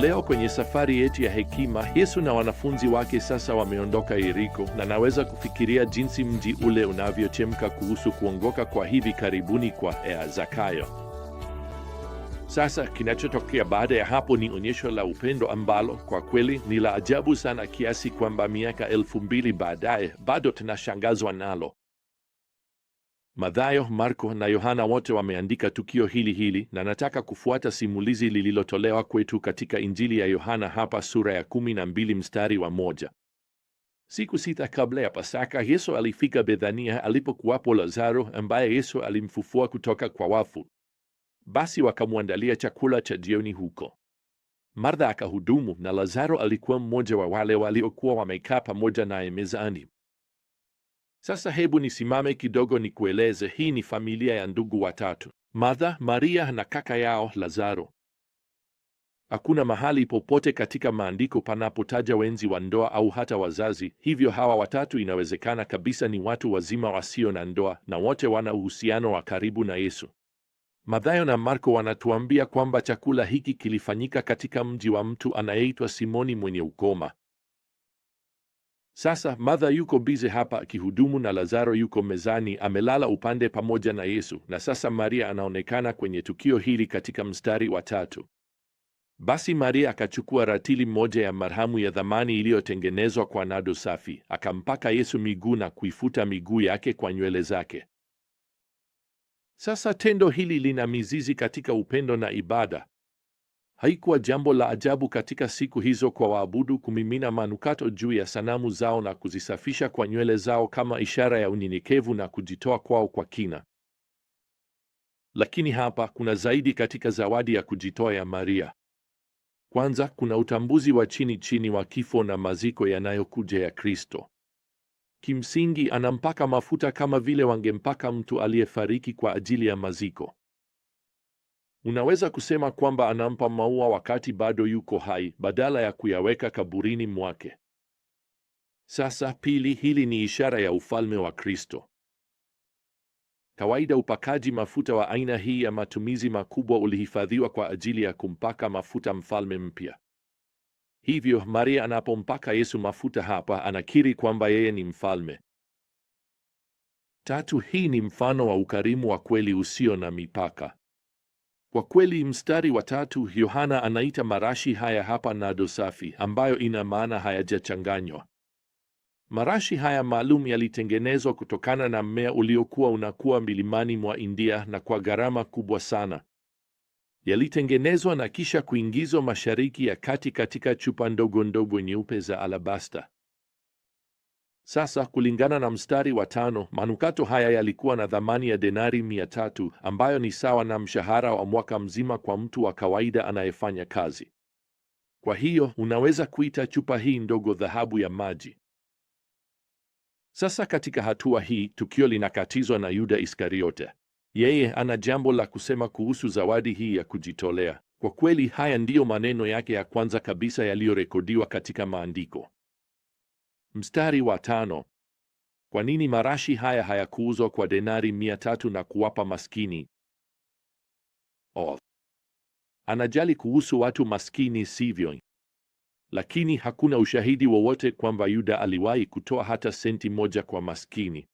Leo kwenye safari yetu ya hekima, Yesu na wanafunzi wake sasa wameondoka Yeriko, na naweza kufikiria jinsi mji ule unavyochemka kuhusu kuongoka kwa hivi karibuni kwa ea Zakayo. Sasa kinachotokea baada ya hapo ni onyesho la upendo ambalo kwa kweli ni la ajabu sana, kiasi kwamba miaka elfu mbili baadaye bado tunashangazwa nalo. Mathayo, Marko na Yohana wote wameandika tukio hili hili, na nataka kufuata simulizi lililotolewa kwetu katika Injili ya Yohana hapa sura ya 12 mstari wa moja. Siku sita kabla ya Pasaka, Yesu alifika Bethania alipokuwapo Lazaro ambaye Yesu alimfufua kutoka kwa wafu. Basi wakamwandalia chakula cha jioni huko. Martha akahudumu na Lazaro alikuwa mmoja wa wale waliokuwa wamekaa pamoja naye mezani. Sasa hebu nisimame kidogo nikueleze. Hii ni familia ya ndugu watatu: Martha, Maria na kaka yao Lazaro. Hakuna mahali popote katika maandiko panapotaja wenzi wa ndoa au hata wazazi, hivyo hawa watatu inawezekana kabisa ni watu wazima wasio na ndoa, na wote wana uhusiano wa karibu na Yesu. Mathayo na Marko wanatuambia kwamba chakula hiki kilifanyika katika mji wa mtu anayeitwa Simoni mwenye ukoma. Sasa Martha yuko bize hapa akihudumu na Lazaro yuko mezani amelala upande pamoja na Yesu, na sasa Maria anaonekana kwenye tukio hili katika mstari wa tatu. Basi Maria akachukua ratili moja ya marhamu ya dhamani iliyotengenezwa kwa nado safi, akampaka Yesu miguu na kuifuta miguu yake kwa nywele zake. Sasa tendo hili lina mizizi katika upendo na ibada. Haikuwa jambo la ajabu katika siku hizo kwa waabudu kumimina manukato juu ya sanamu zao na kuzisafisha kwa nywele zao kama ishara ya unyenyekevu na kujitoa kwao kwa kina. Lakini hapa kuna zaidi katika zawadi ya kujitoa ya Maria. Kwanza, kuna utambuzi wa chini chini wa kifo na maziko yanayokuja ya Kristo. Kimsingi, anampaka mafuta kama vile wangempaka mtu aliyefariki kwa ajili ya maziko. Unaweza kusema kwamba anampa maua wakati bado yuko hai badala ya kuyaweka kaburini mwake. Sasa pili, hili ni ishara ya ufalme wa Kristo. Kawaida upakaji mafuta wa aina hii ya matumizi makubwa ulihifadhiwa kwa ajili ya kumpaka mafuta mfalme mpya. Hivyo Maria anapompaka Yesu mafuta hapa, anakiri kwamba yeye ni mfalme. Tatu, hii ni mfano wa ukarimu wa kweli usio na mipaka. Kwa kweli, mstari wa tatu Yohana anaita marashi haya hapa nado safi, ambayo ina maana hayajachanganywa. Marashi haya maalum yalitengenezwa kutokana na mmea uliokuwa unakuwa milimani mwa India na kwa gharama kubwa sana. Yalitengenezwa na kisha kuingizwa Mashariki ya Kati katika chupa ndogo ndogo nyeupe za alabasta. Sasa kulingana na mstari wa tano, manukato haya yalikuwa na thamani ya denari mia tatu ambayo ni sawa na mshahara wa mwaka mzima kwa mtu wa kawaida anayefanya kazi. Kwa hiyo unaweza kuita chupa hii ndogo dhahabu ya maji. Sasa katika hatua hii tukio linakatizwa na Yuda Iskariote. Yeye ana jambo la kusema kuhusu zawadi hii ya kujitolea. Kwa kweli haya ndiyo maneno yake ya kwanza kabisa yaliyorekodiwa katika maandiko. Mstari wa tano. Kwa nini marashi haya hayakuuzwa kwa denari mia tatu na kuwapa maskini? Oh. Anajali kuhusu watu maskini, sivyo? Lakini hakuna ushahidi wowote kwamba Yuda aliwahi kutoa hata senti moja kwa maskini.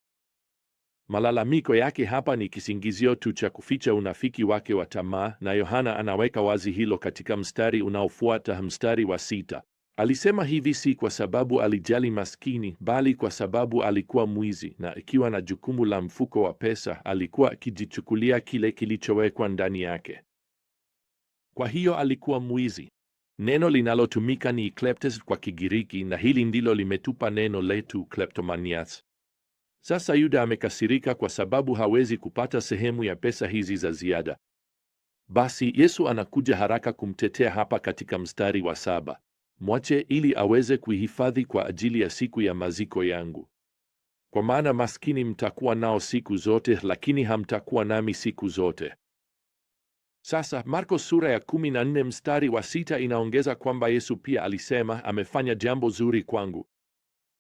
Malalamiko yake hapa ni kisingizio tu cha kuficha unafiki wake wa tamaa, na Yohana anaweka wazi hilo katika mstari unaofuata, mstari wa sita. Alisema hivi si kwa sababu alijali maskini, bali kwa sababu alikuwa mwizi, na ikiwa na jukumu la mfuko wa pesa, alikuwa akijichukulia kile kilichowekwa ndani yake. Kwa hiyo alikuwa mwizi. Neno linalotumika ni kleptes kwa Kigiriki, na hili ndilo limetupa neno letu kleptomanias. Sasa Yuda amekasirika kwa sababu hawezi kupata sehemu ya pesa hizi za ziada. Basi Yesu anakuja haraka kumtetea hapa katika mstari wa saba mwache ili aweze kuihifadhi kwa ajili ya siku ya maziko yangu. Kwa maana maskini mtakuwa nao siku zote, lakini hamtakuwa nami siku zote. Sasa Marko sura ya 14 mstari wa sita inaongeza kwamba Yesu pia alisema, amefanya jambo zuri kwangu.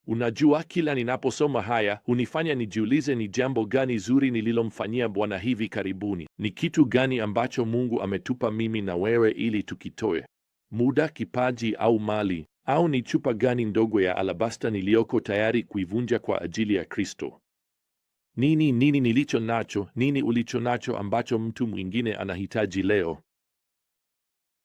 Unajua, kila ninaposoma haya hunifanya nijiulize ni jambo gani zuri nililomfanyia Bwana hivi karibuni. Ni kitu gani ambacho Mungu ametupa mimi na wewe ili tukitoe muda, kipaji au mali, au ni chupa gani ndogo ya alabasta niliyoko tayari kuivunja kwa ajili ya Kristo? Nini nini nilicho nacho, nini ulicho nacho ambacho mtu mwingine anahitaji leo?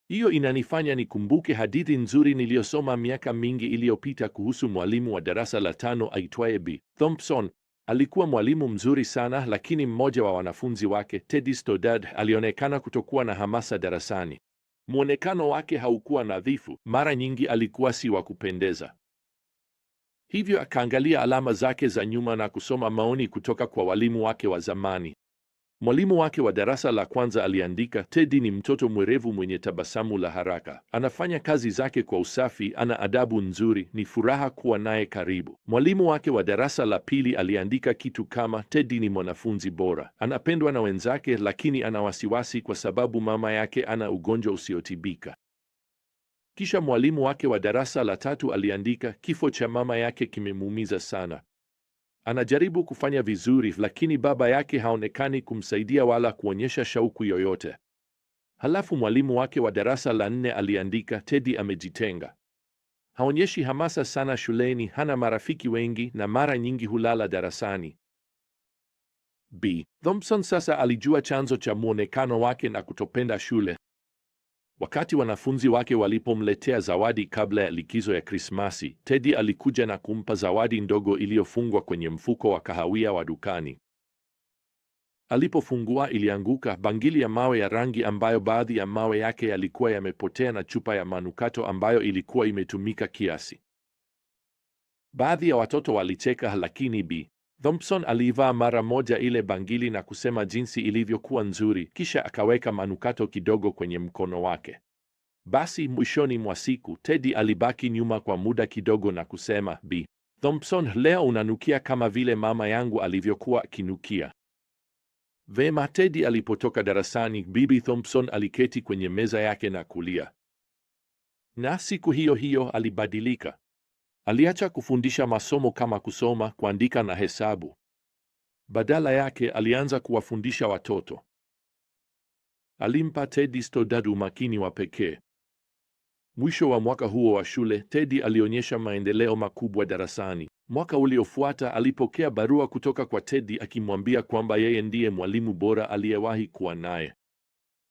Hiyo inanifanya nikumbuke hadithi nzuri niliyosoma miaka mingi iliyopita kuhusu mwalimu wa darasa la tano aitwaye B. Thompson. Alikuwa mwalimu mzuri sana, lakini mmoja wa wanafunzi wake Teddy Stoddard alionekana kutokuwa na hamasa darasani. Mwonekano wake haukuwa nadhifu, mara nyingi alikuwa si wa kupendeza. Hivyo akaangalia alama zake za nyuma na kusoma maoni kutoka kwa walimu wake wa zamani. Mwalimu wake wa darasa la kwanza aliandika, Teddy ni mtoto mwerevu mwenye tabasamu la haraka, anafanya kazi zake kwa usafi, ana adabu nzuri, ni furaha kuwa naye karibu. Mwalimu wake wa darasa la pili aliandika kitu kama, Teddy ni mwanafunzi bora, anapendwa na wenzake, lakini ana wasiwasi kwa sababu mama yake ana ugonjwa usiotibika. Kisha mwalimu wake wa darasa la tatu aliandika, kifo cha mama yake kimemuumiza sana, Anajaribu kufanya vizuri, lakini baba yake haonekani kumsaidia wala kuonyesha shauku yoyote. Halafu mwalimu wake wa darasa la nne aliandika, Teddy amejitenga, haonyeshi hamasa sana shuleni, hana marafiki wengi na mara nyingi hulala darasani. B. Thompson sasa alijua chanzo cha mwonekano wake na kutopenda shule. Wakati wanafunzi wake walipomletea zawadi kabla ya likizo ya Krismasi, Teddy alikuja na kumpa zawadi ndogo iliyofungwa kwenye mfuko wa kahawia wa dukani. Alipofungua ilianguka bangili ya mawe ya rangi ambayo baadhi ya mawe yake yalikuwa yamepotea na chupa ya manukato ambayo ilikuwa imetumika kiasi. Baadhi ya watoto walicheka, lakini Bi Thompson alivaa mara moja ile bangili na kusema jinsi ilivyokuwa nzuri, kisha akaweka manukato kidogo kwenye mkono wake. Basi mwishoni mwa siku Teddy alibaki nyuma kwa muda kidogo na kusema, B Thompson, leo unanukia kama vile mama yangu alivyokuwa akinukia. Vema. Teddy alipotoka darasani, Bibi Thompson aliketi kwenye meza yake na kulia, na siku hiyo hiyo alibadilika. Aliacha kufundisha masomo kama kusoma, kuandika na hesabu. Badala yake alianza kuwafundisha watoto. Alimpa Teddy Stoddard umakini wa pekee. Mwisho wa mwaka huo wa shule, Teddy alionyesha maendeleo makubwa darasani. Mwaka uliofuata alipokea barua kutoka kwa Teddy akimwambia kwamba yeye ndiye mwalimu bora aliyewahi kuwa naye.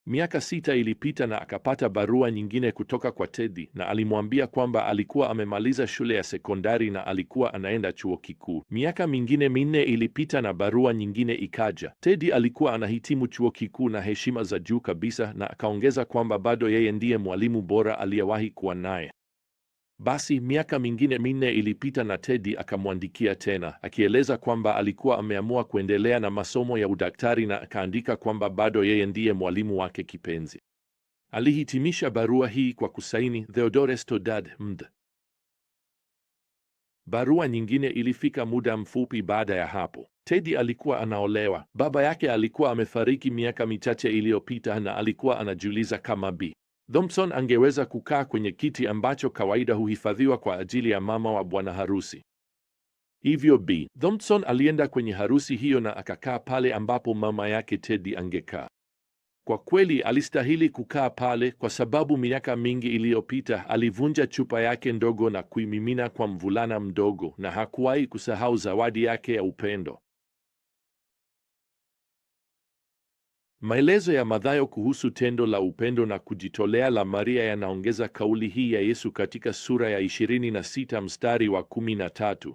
Miaka sita ilipita na akapata barua nyingine kutoka kwa Teddy na alimwambia kwamba alikuwa amemaliza shule ya sekondari na alikuwa anaenda chuo kikuu. Miaka mingine minne ilipita na barua nyingine ikaja. Teddy alikuwa anahitimu chuo kikuu na heshima za juu kabisa, na akaongeza kwamba bado yeye ndiye mwalimu bora aliyewahi kuwa naye. Basi miaka mingine minne ilipita na tedi akamwandikia tena akieleza kwamba alikuwa ameamua kuendelea na masomo ya udaktari na akaandika kwamba bado yeye ndiye mwalimu wake kipenzi. Alihitimisha barua hii kwa kusaini Theodore Stoddard MD. Barua nyingine ilifika muda mfupi baada ya hapo. tedi alikuwa anaolewa. Baba yake alikuwa amefariki miaka michache iliyopita na alikuwa anajiuliza kama Bi Thompson angeweza kukaa kwenye kiti ambacho kawaida huhifadhiwa kwa ajili ya mama wa bwana harusi. Hivyo b Thompson alienda kwenye harusi hiyo na akakaa pale ambapo mama yake Teddy angekaa. Kwa kweli alistahili kukaa pale kwa sababu miaka mingi iliyopita alivunja chupa yake ndogo na kuimimina kwa mvulana mdogo na hakuwahi kusahau zawadi yake ya upendo. Maelezo ya Mathayo kuhusu tendo la upendo na kujitolea la Maria yanaongeza kauli hii ya Yesu katika sura ya 26 mstari wa 13.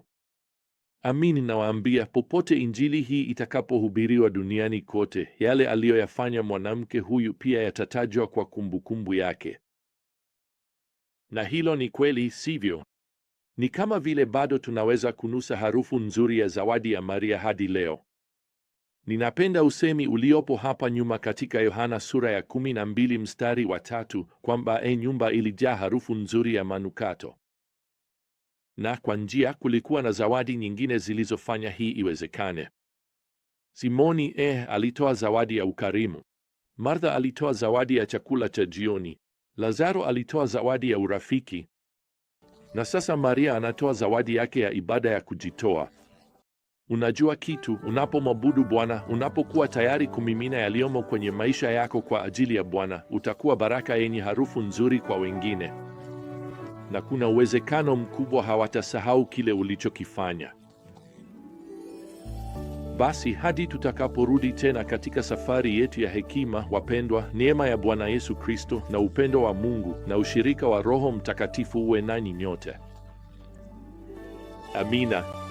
Amin, nawaambia, popote injili hii itakapohubiriwa duniani kote, yale aliyoyafanya mwanamke huyu pia yatatajwa kwa kumbukumbu yake. Na hilo ni kweli, sivyo? Ni kama vile bado tunaweza kunusa harufu nzuri ya zawadi ya Maria hadi leo. Ninapenda usemi uliopo hapa nyuma katika Yohana sura ya 12 mstari wa tatu kwamba e, nyumba ilijaa harufu nzuri ya manukato. Na kwa njia, kulikuwa na zawadi nyingine zilizofanya hii iwezekane. Simoni e, alitoa zawadi ya ukarimu. Martha alitoa zawadi ya chakula cha jioni. Lazaro alitoa zawadi ya urafiki. Na sasa Maria anatoa zawadi yake ya ibada ya kujitoa. Unajua kitu, unapomwabudu Bwana, unapokuwa tayari kumimina yaliyomo kwenye maisha yako kwa ajili ya Bwana, utakuwa baraka yenye harufu nzuri kwa wengine, na kuna uwezekano mkubwa hawatasahau kile ulichokifanya. Basi hadi tutakaporudi tena katika safari yetu ya hekima, wapendwa, neema ya Bwana Yesu Kristo na upendo wa Mungu na ushirika wa Roho Mtakatifu uwe nanyi nyote. Amina.